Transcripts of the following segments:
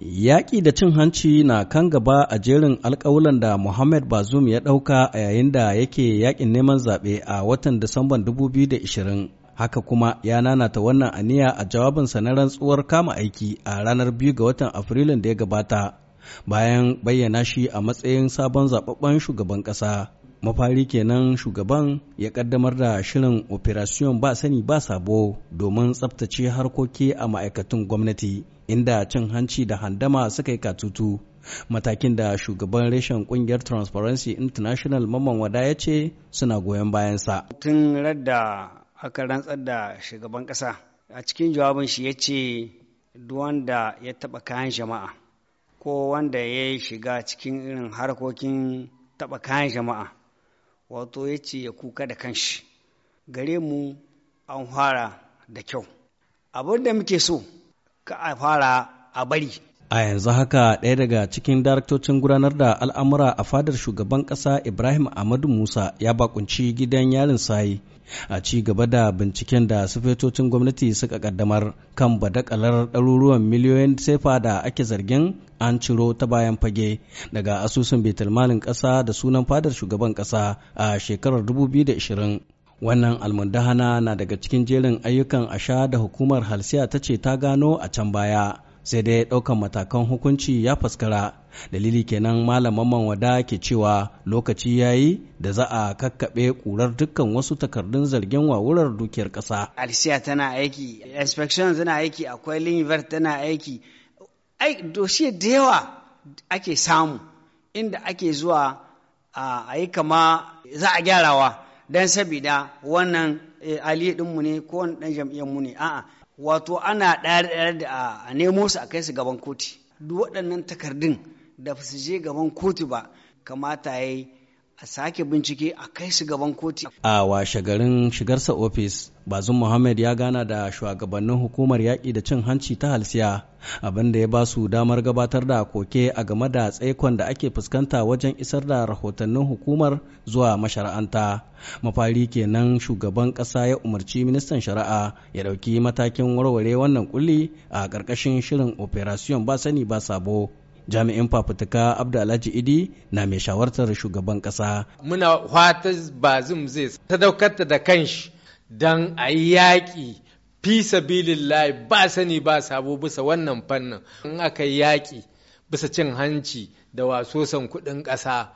Yaƙi da cin hanci na kan gaba a jerin alƙawulan da Muhammad Bazoum ya ɗauka a yayin da yake yaƙin neman zaɓe a watan Disamban 2020. Haka kuma ya nanata wannan aniya a jawabinsa na rantsuwar kama aiki a ranar biyu ga watan Afrilun da ya gabata, bayan bayyana shi a matsayin sabon zaɓaɓɓen shugaban ƙasa. mafari kenan shugaban ya kaddamar da shirin operation ba sani ba sabo domin tsabtace harkoki a ma'aikatun gwamnati inda cin hanci da handama suka yi katutu matakin da shugaban reshen kungiyar transparency international mamman wada ya ce suna goyon bayansa tun radda aka rantsar da shugaban kasa a cikin jawabin shi ya ce wanda ya taba kayan jama'a ko wanda ya shiga cikin irin harkokin taba kayan jama'a wato ya ce ya kuka da kanshi gare mu an fara da kyau abin da muke so ka a fara a bari A yanzu haka ɗaya daga cikin daraktocin gudanar da al'amura a fadar shugaban ƙasa Ibrahim Ahmadu Musa ya bakunci gidan yarin sayi a ci gaba da binciken da sufetocin gwamnati suka kaddamar kan badakalar ɗaruruwan miliyoyin sefa da ake zargin an ciro ta bayan fage daga asusun betulmalin ƙasa da sunan fadar shugaban ƙasa a shekarar 2020. Wannan almundahana na daga cikin jerin ayyukan asha da hukumar halsiya ta ce ta gano a can baya. sai dai ɗaukan matakan hukunci ya faskara dalili kenan malaman wada ke cewa lokaci ya yi da za a kakkaɓe ƙurar dukkan wasu takardun zargin wawurar dukiyar ƙasa. alisiya tana aiki inspection tana aiki akwai linver tana aiki ai doshe da yawa ake samu inda ake zuwa a yi kama za a gyarawa don sabida wannan Eh, aliyu ɗinmu ne ko wani ɗan mu ne a'a wato ana ɗare da a nemo su a kai su gaban koti duk waɗannan takardun da su je gaban kotu ba kamata ya yi a sake bincike a kai su gaban koti. A washe garin shigarsa ofis, bazin Mohammed ya gana da shugabannin hukumar yaƙi da cin hanci ta halsiya, abin da ya ba su damar gabatar da koke a game da tsaikon da ake fuskanta wajen isar da rahotannin hukumar zuwa mashara'anta. Mafari kenan shugaban ƙasa ya umarci ministan shari'a ya ɗauki matakin warware wannan kulli a ƙarƙashin shirin operation ba sani ba sabo. jami'in fafutuka abda alhaji idi na mai shawartar shugaban kasa muna fata bazum zai sadaukarta da kanshi don a yi yaƙi fi sabilillahi ba sani ba sabo bisa wannan fannin in aka yi yaƙi bisa cin hanci da wasosan kuɗin ƙasa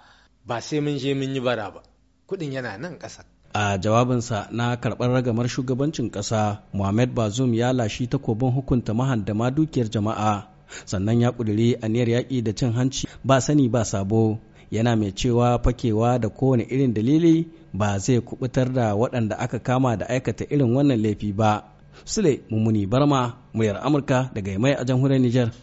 ba sai mun je mun yi bara ba kuɗin yana nan ƙasa a jawabinsa na karɓar ragamar shugabancin ƙasa muhammad bazum ya lashi takobin hukunta mahandama dukiyar jama'a sannan ya a aniyar yaƙi da cin hanci ba sani ba sabo yana mai cewa fakewa da kowane irin dalili ba zai kubutar da waɗanda aka kama da aikata irin wannan laifi ba sule mummuni barma muryar amurka daga mai a jamhuriyar nijar.